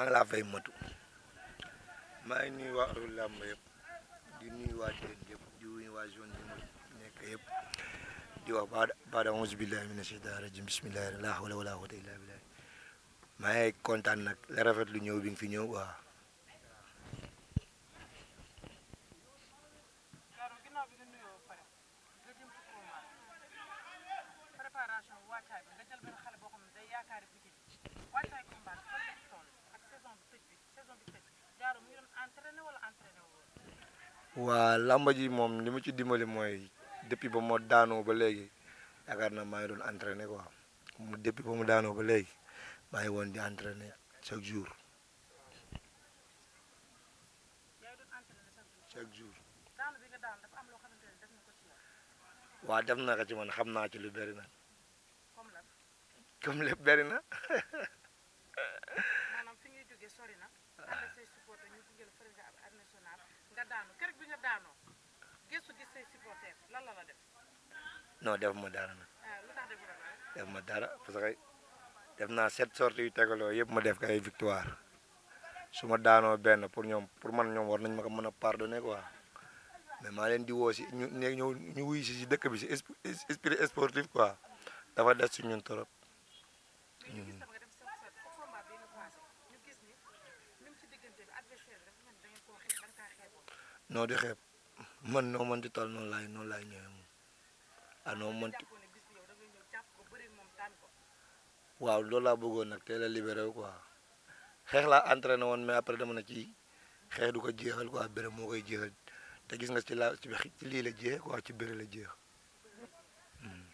maa ngi laa fay matu maa ngi nuyu waa Ahlul Lamb yëpp di nuyu waa teen yëpp di nuyu waa zone bi mu nekk yëpp di wax ba baada auzu billahi mina shaytaani rajim bismillahi la hawla wala quwwata illa billah maa ngi kontaan nag la rafet lu ñëw bi nga fi ñëw waaw waa làmba ji moom li ma ci dimbali mooy depuis ba ma daanoo ba léegi yaakaar naa maa ngi doon entraîné quoi mu depuis ba mu daanoo ba léegi maa woon di entraîné chaque jour chaque jour waaw def na ko ci man xam naa ci li bëri na comme lépp bëri na noo gëstu def. ma dara nag. Ah, def ma dara parce que def naa sept sorties yu tegaloo yëpp ma def ko ay victoire su ma daanoo benn pour ñoom pour man ñoom war nañ ma ko mën a pardone quoi mais maa leen di woo si ñu ñëw ñu wuy si si dëkk bi si esprit sportif quoi dafa des si ñun trop. no de xeeb man no man mënti tol no lay no lay ñëwee moom ah noo mënti waaw lo la bëggoon nag teel la libéré quoi xeex la entraîné woon mais après dama na ci xeex du ko jeexal quoi bëre moo koy jeexal te gis nga ci la ci ci lii la jeex quoi ci bëre la jeex hmm.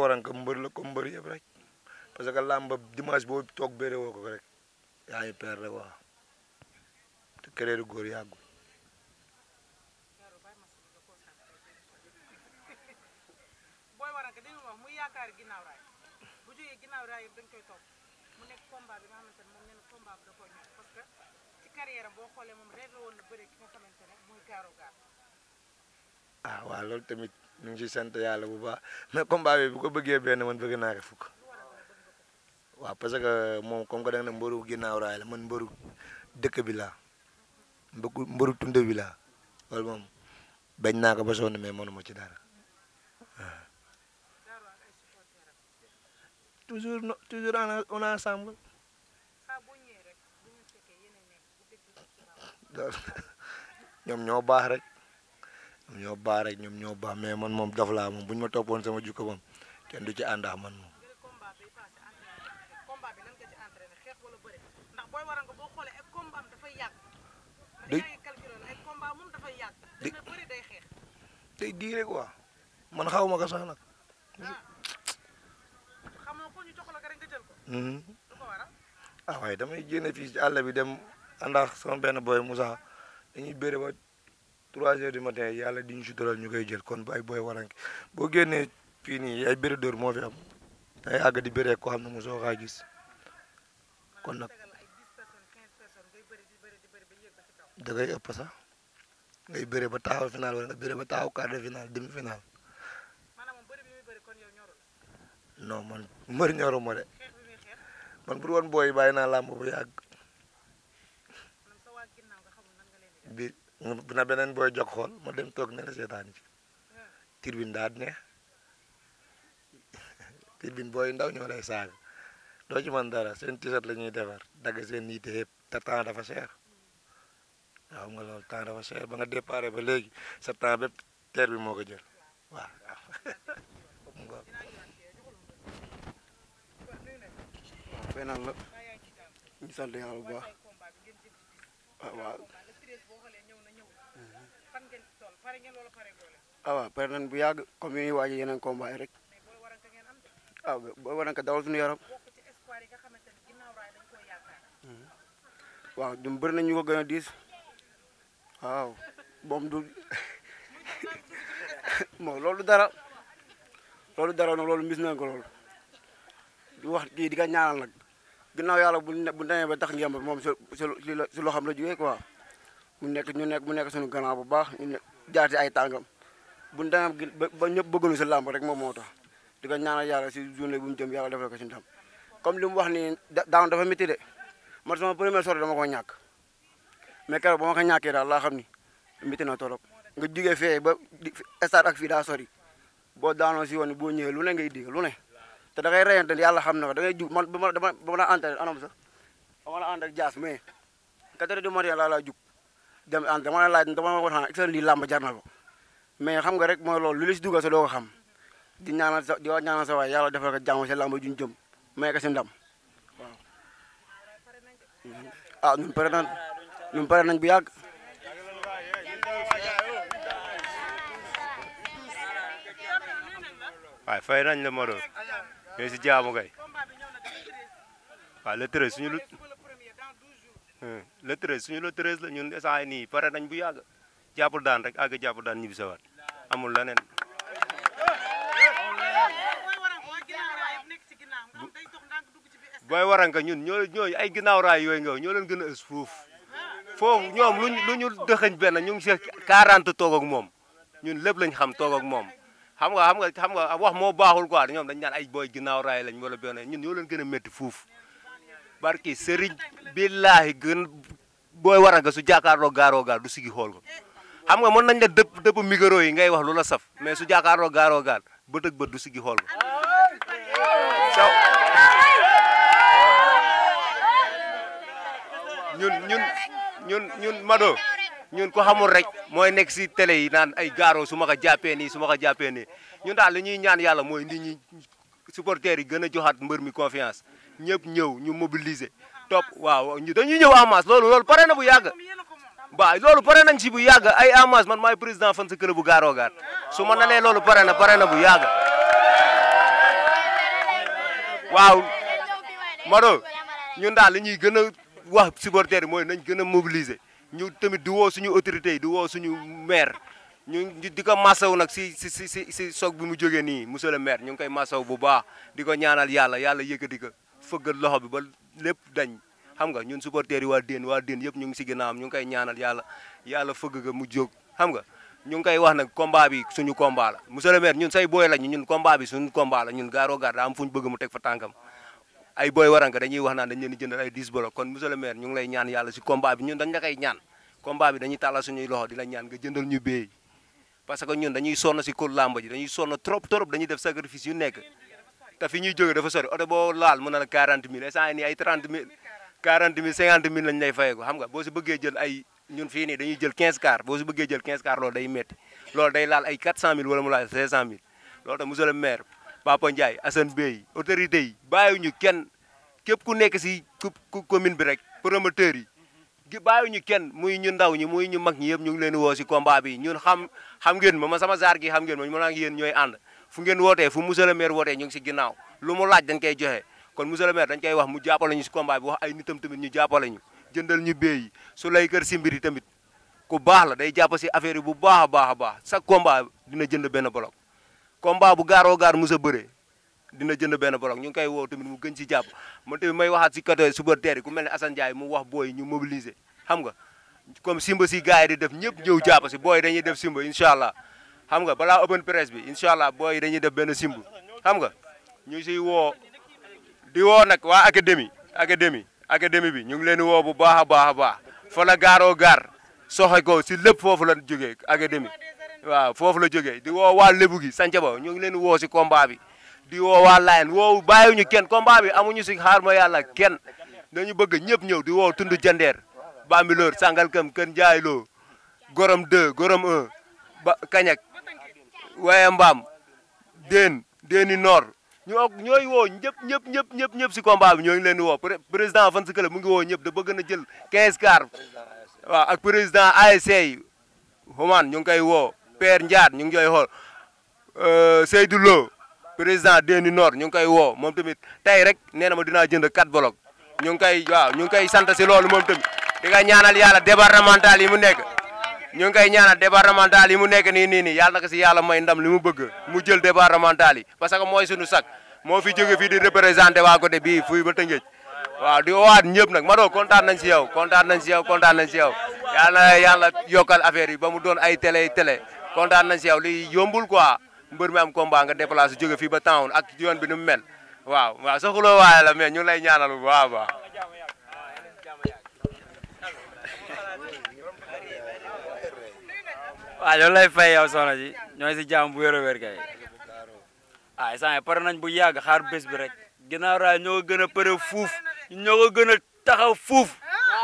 waran ko mbeur la ko mbeur yeb rek parce que lamb dimanche bo tok bëre woko rek yaay ngi perdre quoi. kereeru góor yàggul ah loolu tamit ñu ngi ciy sant yàlla bu baax mais combat bu ko bëggee benn man bëgg naa ko fukk waaw parce que moom kom que da nga ne mbëru ginnaaw raay la man mbëru dëkk bi laa mbëgu mbëru tund wi laa loolu moom bañ naa ko ba sonn mais mënuma ci dara toujours toujours on ensemble ñoom ñoo baax rek ñoom ñoo baax rek ñoom ñoo baax mais man moom dof laa moom bu ma toppoon sama jukko moom kenn du ci àndax man moom day day diire quoi man xaw ma ko sax nag. Ah. Mm-hmm. ah waaye damay génne fii ci àll bi dem àndaax sama benn boy Moussa dañuy bëre ba trois heures du matin yàlla di ñu si ñu koy jël kon bu ay boy waranke boo génnee fii nii ay bëre moo fi am day àgg di bëree xam ne mosoo kaa gis kon nag. da ngay ëpp sax ba taxaw final wala nga bëre ba taxaw quart de final demi final. non man mbër ñoro ma de man booy bàyyi naa làmb bu yàgg bi na beneen booy jog xool ma dem toog ne la seetaan ci ah. tirbin daa neex tirbin booy ndaw ñoo lay saaga doo ci seen tisat la ñuy defar dagg seen yiite yëpp te dafa cher waaw xam nga loolu temps dafa cher ba nga déparé ba léegi sa temps bépp teer bi moo ko jël waaw waaw. la ñu sant yàlla bu ah, ah, pare nañ bu yàgg comme yi ñuy waaj yeneen combat yi rek ah boo waranka dawal suñu yaram hmm. waaw ñun bëri nañ ko gën a diis waaw moom du moom loolu dara loolu dara nag loolu mis na ko loolu du wax kii di ka ñaanal nag ginnaaw yàlla bu bu demee ba tax ngeen moom si si loo xam la jógee quoi mu nekk ñu nekk mu nekk suñu gannaaw bu baax ñu jaar ci ay tàngam bu ñu demee ba ñëpp bëgguñu si làmb rek moom moo tax di ko ñaanal yàlla si journée bu mu jëm yàlla defal ko si ndam comme li mu wax nii daaw dafa métti de man sama première sortie dama ko ñàkk. mais kéro bama ko ñaké dal la xamni ni na torop nga jugé fé ba estar ak fi da sori bo daano si woon bo ñëw lu ne ngay dig lu ne té da ngay rayante yàlla xam na da ngay jug man bama ma la anam sa bama na la ànd ak jaas mais quatre du matin laa laa jug dem and dama la laaj dama ko xam ak lii li lamb na ko mais xam nga rek mooy lool lu la si dugal sa do ko xam di ñaanal sa di wax ñaanal sa way yalla defal ko jamm ci lamb juñ jëm mais ka si ndam ah ñun pare nañ ñoom biak. nañ bu yàgg. waaye fay nañ le moro ñooy si jaamu kay waaw le treize suñu lu le treize hmm, suñu le treize la ñun instant ni pare nañ bu yàgg jappul daan rek àgg jappul daan ñibbi sawaat amul leneen. boy waranga ñun ñoy ñoy ay ginaaw raay yoy nga ñoo leen gëna a fuuf foofu ñoom luñ lu ñu dëxëñ benn ñu ngi si 40 toog ak moom ñun lépp lañ xam toog ak moom xam nga xam nga xam nga wax moo baaxul quoi ñoom dañ naan ay booy ginnaaw raay lañ wala benn ñun ñoo leen gën a métti fuuf barki sëriñ billaahi gën booy war a nga su jàkkaarloo gaaroo gaar du sigi xool ko xam ga mën nañ la dëpp dëpp micro yi ngay wax lu la saf mais su jàkkaarloo gaaroo gaar bët ak bët du sigi xool ko ñun ñun ñun ñun Mado ñun ko xamul rek mooy nekk si télé yi naan ay gaaro su ma ko jàppee nii su ma ko jàppee nii ñun daal li ñuy ñaan yàlla mooy nit ñi supporters yi gën a joxaat mbër mi confiance ñëpp ñëw ñu mobiliser topp waaw ñu dañuy ñëw en masse loolu loolu pare na bu yàgg waaw loolu pare nañ si bu yàgg ay en masse man maay président fan sa bu gaaroo gaar su ma nalee loolu pare na pare na bu yàgg waaw Mado ñun daal li ñuy wax supporters yi mooy nañ gën a mobiliser ñu tamit di woo suñu autorités yi di woo suñu maire ñu di ko masaw nag si si si si si soog bi mu jógee nii monsieur le maire ñu ngi koy masaw bu baax di ko ñaanal yàlla yàlla yëkkati ko fëggal loxo bi ba lépp dañ xam nga ñun supporters yi waa Diène waa Diène yëpp ñu ngi si ginnaawam ñu ngi koy ñaanal yàlla yàlla fëgg ga mu jóg xam nga ñu ngi koy wax nag combat bi suñu combat la monsieur le maire ñun say booy lañu ñun combat bi suñu combat la ñun gaaroo gaar am fu ñu bëgg mu teg fa tànkam ay boy waranka dañuy wax naan dañ leen di jëndal ay 10 bolok kon monsieur le maire ñu ngi lay ñaan yàlla si combat bi ñun dañ la koy ñaan combat bi dañuy tàllal suñuy loxo di la ñaan nga jëndal ñu béy parce que ñun dañuy sonn si kul lamb ji dañuy sonn trop trop dañuy def sacrifice yu nekk te fi ñuy jóge dafa sori oto boo laal mën na la 40 000 instant ni ay 30 000 40 000 50 000 lañ lay fayee xam nga boo si bëggee jël ay ñun fii nii dañuy jël 15 car boo si bëggee jël 15 car loolu day metti loolu day laal ay 400 000 wala mu laal 500 000 loolu tax monsieur le maire Papa Ndiaye Assane Bey autorité yi ñu kenn képp ku nekk si commune bi rek promoteur yi bàyyiwuñu kenn muy ñu ndaw ñi muy ñu mag ñi yëpp ñu ngi leen woo si combat bi ñun xam xam ngeen ma ma sama jaar gi xam ngeen ma ma naa ngi yéen ñooy ànd fu ngeen wootee fu monsieur le maire wootee ñu ngi si ginnaaw lu mu laaj dañ koy joxe kon monsieur le maire dañ koy wax mu jàppale ñu si combat wa wax ay nitam tamit ñu jàppale ñu jëndal ñu béy su lay kër si mbir yi tamit ku baax la day jàpp si affaire yi bu baax a baax a baax sa combat dina jënd benn bloc combat bu gaaroo gaar mos a bëree dina jënd benn borog ñu ngi koy woo tamit mu gën ci jàpp man tamit may waxaat ci côté supporter yi ku mel ni Assane Ndiaye mu wax booy ñu mobiliser xam nga comme simba si gars yi di def ñëpp ñëw jàpp si booy dañuy def simba incha allah xam nga balaa open press bi incha allah booy dañuy def benn simb xam nga ñu siy woo di woo nag waa académie académie académie bi ñu ngi leen woo bu baax a baax a baax fa la gaaroo gaar soxe ko si lépp foofu la jógee académie waaw foofu la jógee di woo waa lébu gi Santhiaba ñu ngi leen woo si combat bi di woo waa Layène woo bàyyiwuñu kenn combat bi amuñu si xaar ma yàlla kenn dañu bëgg ñëpp ñëw di woo tund jandeer Bambilor Sangalkam Kër Ndiaye Lo Gorom 2 Gorom 1 ba Kañak waaye mbaam déen déeni noor ñoo ñooy woo ñëpp ñëpp ñëpp ñëpp ñëpp si combat bi ñoo ngi leen di woo président fan si club mu ngi woo ñëpp da bëgg na jël 15 car waaw ak président ASC yi Oman ñu ngi koy woo Père Ndiaat ñu ngi koy xool euh, Seydou Lo président Deni Nord ñu ngi koy woo moom tamit tey rek nee na ma dinaa jënd quatre blocs ñu ngi koy waaw ñu ngi koy sant si loolu moom tamit di nga ñaanal yàlla départemental yi mu nekk ñu ngi koy ñaanal départemental yi mu nekk nii nii nii yàlla ko si yàlla may ndam li mu bëgg mu jël départemental yi parce que mooy suñu sac moo fi jóge fi di représenté waa côté bii fuy ba Tëngéej waaw di woowaat ñëpp nag ma doon kontaan nañ si yow kontaan nañ yow kontaan yow yàlla affaire yi ba mu doon ay télé télé kontan nañ ci yow li yombul quoi mbeur mi am combat nga déplacer jogé fi ba town ak yoon bi nu mel waaw waaw soxlo way la mais ñu lay ñaanal bu baax a waaw ñu lay fay yow soxna ji ñoy si jaam bu yoro wer gay ay sa sànq pare nañ bu yag xaar bes bi rek ginaaw ra ñoo gëna pere fouf fuuf ñoo ko gën taxaw fouf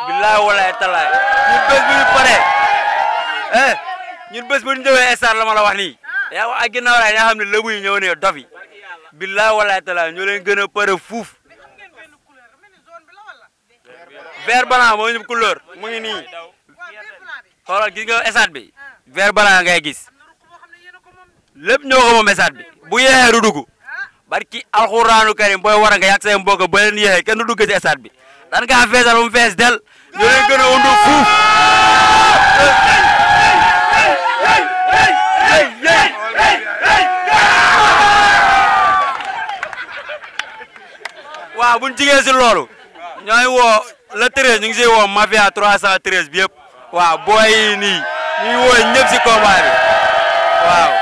billahi walaay talaay ñu bes bi ñu pare eh ñun bés bu ñu demee star la ma la wax nii ah. yaa wax ak ginnaaw raay nga xam ne lëbu yi ñëw ñu leen gën a pare fuuf moo ñu couleur mu ngi nii gis nga stade bi ah. vert blanc ngay gis lépp ñoo moom stade bi bu yeexee du ah. barki alxuraanu karim booy war a nga yàq seen mbokk ba leen yeexee kenn du dugg bi dan ngaa feesal ba mu fees del ñu leen gën a undu fuuf wa buñ jigé ci lolu ñoy wo le 13 ñu ngi siy woo mafia 313 bi yépp wa boy ni ñi wo ñepp ci combat bi wa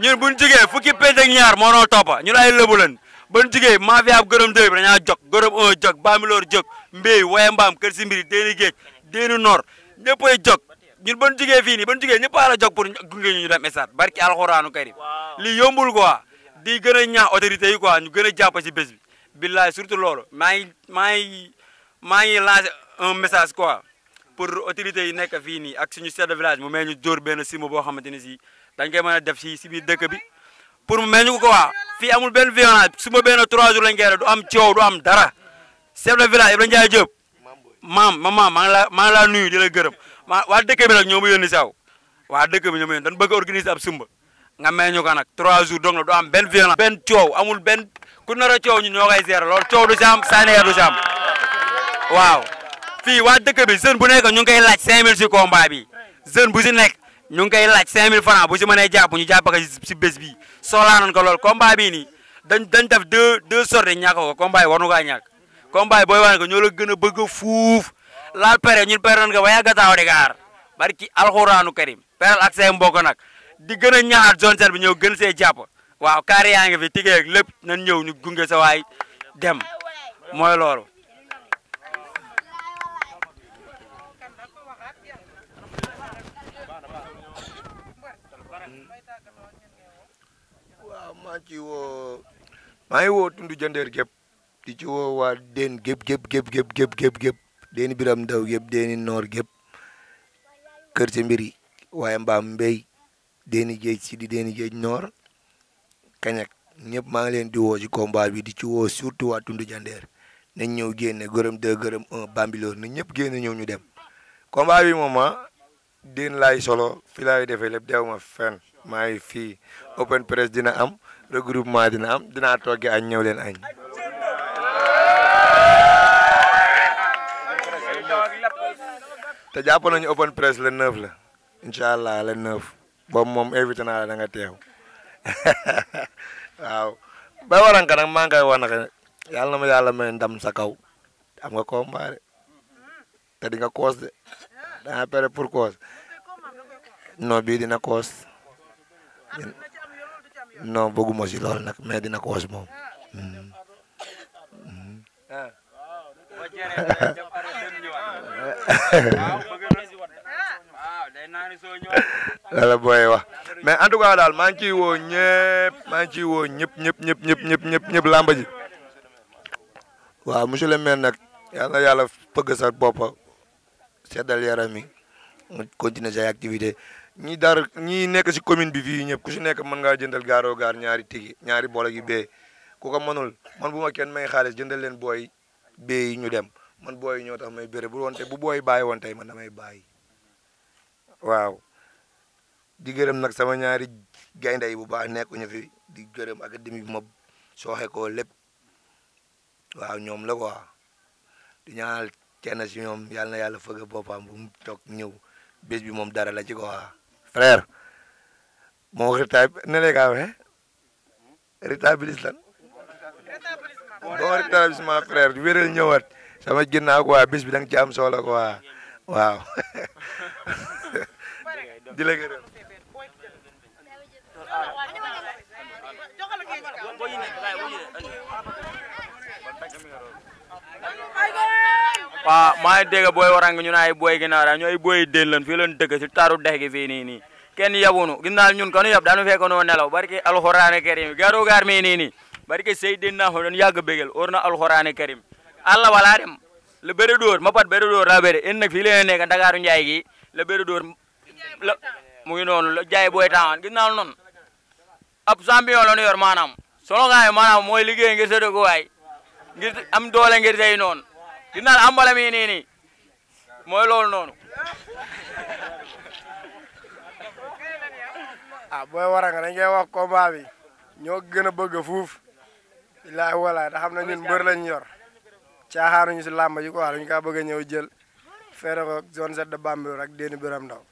ñu buñ jigé fukki pénc ak ñaar mo no toppa ñu lay lebulen buñ jigé mafia bu gërëm deux bi dañaa jog gërëm un jog bambiloor jox mbey waye mbam kër ci mbiri déeni géej déeni nor ñëppay jog ñun ban jigee fii nii ban jigee ñëpp a la jog pour gunge ñu dem esat barki alcorane karim li yombul quoi di gën a ñaax autorité yi quoi ñu gën a jàpp ci bés bi billaay surtout loolu maa ngi maa ngi maa ngi lancé un message quoi pour autorités yi nekk fii nii ak suñu chef de village mu may ñu dóor benn sima boo xamante ni si dañ koy mën a def si si biir dëkk bi pour mu may ñu ko quoi fii amul benn violence suma benn trois jours lañ koy du am ci coow du am dara chef de village Ibrahima Ndiaye Diop maam maam maa ngi laa maa ngi laa nuyu di la gërëm maa waa dëkk bi nag ñoo ma yónni saw waa dëkk bi ñoo dañ bëgg organiser ab sumba nga may ñu ko nag trois jours donc du am benn violence benn coow amul benn ku nar a coow ñu ñoo koy gérer loolu coow du si am du si am waaw waa dëkk bi jeune bu nekk ñu ngi koy laaj cinq mille si combat bi bu si nekk ñu ngi koy laaj cinq mille francs bu si mënee jàpp ñu jàpp ko si bés bi soxlaa nañ ko lool combat bii nii dañ dañ def deux deux sorties ñak ko combat yi war nu kaa ñàkk booy wane ko ñoo la gën a bëgg fuuf laal pere ñu pere nañ ko ba yàgg a taaw di gaar barki alxuraanu karim nag di gëna ñaar ñaaxaat zone terre bi ñëw gën sé japp waaw kaar yaa ngi fi ak lepp na ñëw ñu gungé sa way dem moy lolu waaw ma ci wo may wo tundu jënder di ci wo wa gap gap gap gap gap gap. Deni gépp deeni biram ndaw gépp deeni nor gépp kër ci mbiri waye mbam mbey Déni Géej si di Déni Géej Nord Kañak ñëpp maa ngi leen di woo ci combat bi di ci woo surtout waa Tundu Jandeer nañ ñëw génne gërëm deux gërëm un bambilor na ñëpp génne ñëw ñu dem combat bi moom ah lay solo fi laay defee lépp deew ma fenn maa ngi fii open press dina am regroupement dina am dinaa togge añ ñëw leen añ te jàpp nañu open press le neuf la incha allah le neuf boobu moom invité naa la da nga teew waaw bay maa ngi koy wax nag na ma yàlla may ndam sa kaw am nga combat de te di nga koos de danga pere pour koos non bii dina koos non bëgguma si lool dina koos moom hmm. Hmm. lala booy wax mais en tout daal maa ngi ciy woo ñëpp maa ngi ciy woo ñëpp ñëpp ñëpp ñëpp ñëpp ñëpp ñëpp làmba ji waaw monsieur le maire nag yàlla yàlla pëgg sa boppa seddal yaram mi mu continuer say activité ñi dar ñi nekk si commune bi fii ñëpp ku si nekk mën ngaa jëndal gaaroo gaar ñaari tigi ñaari boole yu bee ku ko mënul man bu ma kenn may xaalis jëndal leen booy bee yi ñu dem man booy ñoo tax may béré bu woon tey bu booy bàyyi woon tey man damay bàyyi waaw di gërëm nag sama ñaari gaynde yi bu baax nekkuñu fi di gërëm académie bi ma sooxe koo lépp waaw ñoom la quoi di ñaanal kenn si ñoom na yàlla fëgg boppam bu mu toog ñëw bés moom dara la ci quoi. frère moo rita ne lay kaa waxe rétabilis lan boo rétablissement frère wéral sama ginnaaw quoi bés bi da nga ci am solo waaw jëlee waaw maa ngi dégg booy warang ñu ne ay booy ginnaaw daal ñu ay booy déen lan fii lan dëkk si taaru dex gi fii nii nii kenn yabunu ginnaaw ñun kanu yab daanu fekk noo nelaw barke alxuraane karim garo gaar mi nii nii barke seydina ho doon yàgg bégal or na alxuraane karim alla walaa dem le bëri ma pat bëri dóor laa en nag fii leen nekk kan Ndakaaru Njaay gi le bëri la mu ngi noonu la jaay booy taawan gis naa la noonu ab champion la ñu yor maanaam solo gaay maanaam mooy liggéey ngir sa dëkkuwaay ngir am doole ngir say non ginnal naa am mbalam yi ni nii mooy loolu noonu. ah booy waral nga dañ koy wax combat bi ñoo gën a bëgg fuuf illaahi walaay da xam na ñun mbër lañ yor caaxaanuñu si làmb ji ko wax dañu kaa bëgg a ñëw jël feere ko zone Z de Bambilor ak déeni biram ndaw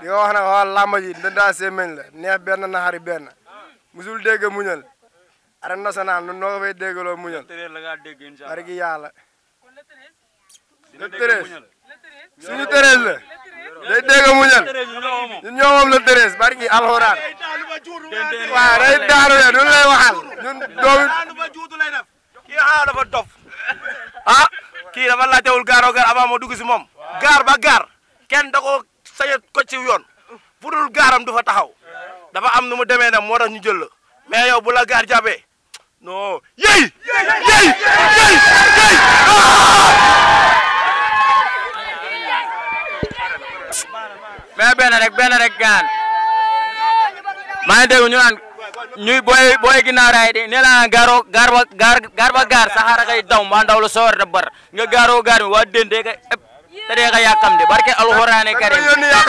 di nga wax ne waa làmb ji dandaa sémmiñ la neex benn naxari benn musul dégg muñal arène nationale nun noo ko fay déggaloo muñal bari gi yàlla le treize suñu treize la day dégg muñal ñun ñoo moom le treize bari alxuraan waaw day daanu de nun lay waxal ñun doomi kii ah dafa dof ah kii dafa laajtewul gaaroo gaar avant moo dugg si moom gaar ba gaar kenn da saña ko ci yoon fu gaaram du fa taxaw dafa am nu mu demee nag moo tax ñu jël la mais yow bu la gaar jàppee non yey yey yey yey mais benn rek benn rek gaan maa ngi dégg ñu naan ñuy booy booy ginnaaw raay de nee naa gaar ba gaar gaar ba gaar saxaara kay daw mbaa ndaw la soor da bar nga gaaroo gaar mi waa dende ka te dee ka yàkkam de barke alxuraane karim